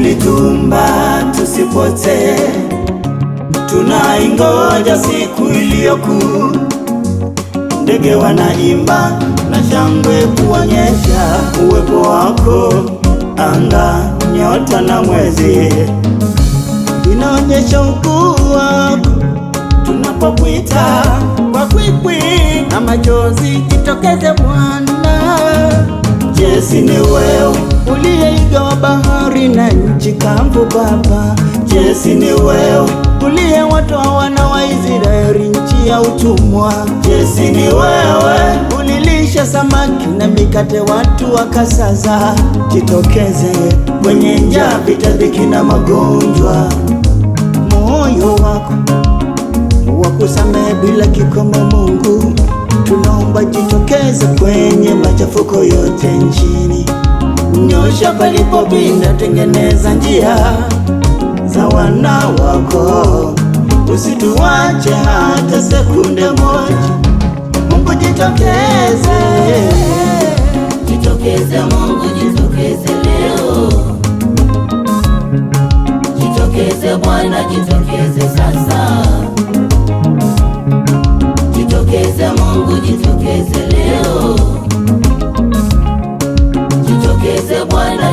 ulitumba tusipotee, tunaingoja siku iliyokuu. Ndege wanaimba na shangwe kuonyesha uwepo wako, anga, nyota na mwezi inaonyesha ukuu wako. Tunapokuita kwa kwikwi na machozi, jitokeze Bwana, jesi ni wewe uliyeigawa bahari na nchi kavu. Baba Yesu ni wewe, uliyewatoa wana wa Israeli nchi ya utumwa. Yesu ni wewe, ulilisha samaki na mikate watu wakasaza. Jitokeze kwenye njaa, vita, dhiki na magonjwa, moyo wako wakusamehe bila kikomo. Mungu tunaomba, jitokeze kwenye machafuko yote nchini Nyosha palipopinda, tengeneza njia za wana wako, usituwache hata sekunde moja. Mungu jitokeze, jitokeze Mungu, jitokeze leo, jitokeze Bwana, jitokeze sasa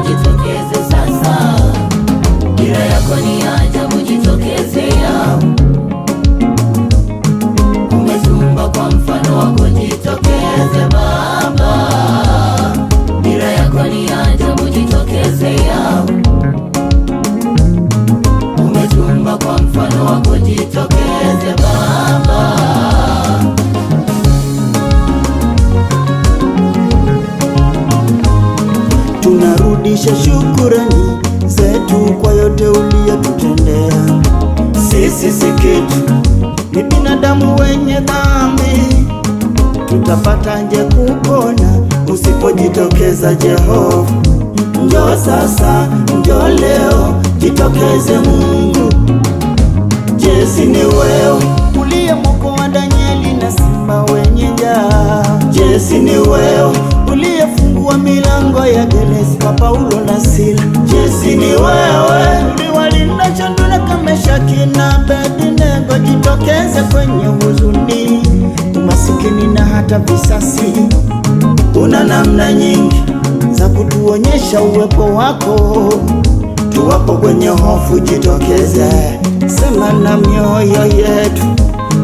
jitokeze sasa, dira yako ni ajabu. tuonyeshe shukurani zetu kwa yote uliyotutendea. Sisi si kitu, ni binadamu wenye dhambi, tutapataje kupona usipojitokeza Jehova? Njoo sasa, njoo leo, jitokeze Mungu. Jesi ni wewe uliyemwokoa Danieli na simba wenye njaa. Jesi ni wewe uliyefungua milango ya kama Paulo na Sila. Yesu ni wewe uliwalinda Shadraka, Meshaki na Abednego, jitokeze kwenye huzuni, umasikini na hata visasi. Una namna nyingi za kutuonyesha uwepo wako, tuwapo kwenye hofu, jitokeze, sema na mioyo yetu,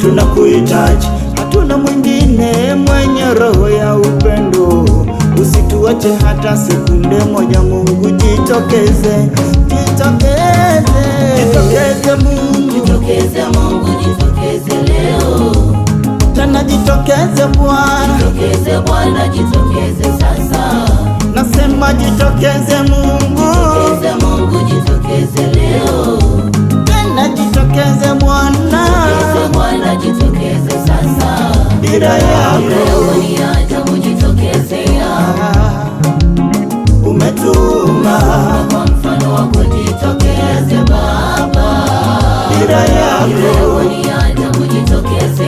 tunakuhitaji, hatuna mwingine mwenye roho ya upendo wote hata sekunde moja. Mungu jitokeze, jitokeze, jitokeze Mungu, jitokeze Mungu, jitokeze leo tena, jitokeze Bwana, jitokeze Bwana, jitokeze sasa. Nasema jitokeze Mungu, jitokeze Mungu, jitokeze leo tena, jitokeze Bwana, jitokeze Bwana, jitokeze sasa. ya jitokeze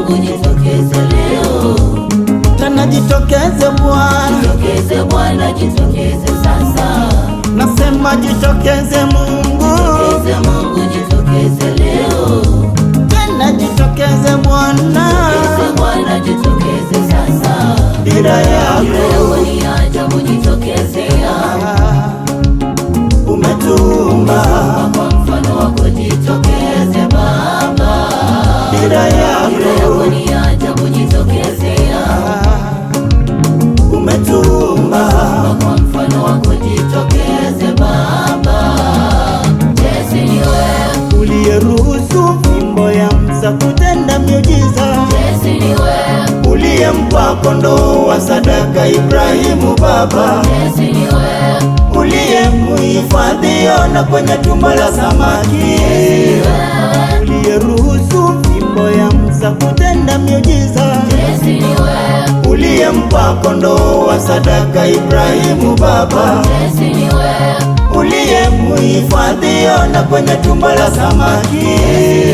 jitokeze leo jitokeze Bwana, jitokeze Bwana, jitokeze sasa, nasema jitokeze Mungu majira yako ni ajabu, jitokezea. kwa mfano wako, jitokeze Baba. Mariamu kwa kondoo wa sadaka, Ibrahimu baba ni wewe uliye uliyemuhifadhi Yona kwenye tumbo la samaki, ruhusu fimbo ya Musa kutenda miujiza, ni wewe uliye uliyempa kondoo wa sadaka, Ibrahimu baba ni wewe uliye uliyemuhifadhi Yona kwenye tumbo la samaki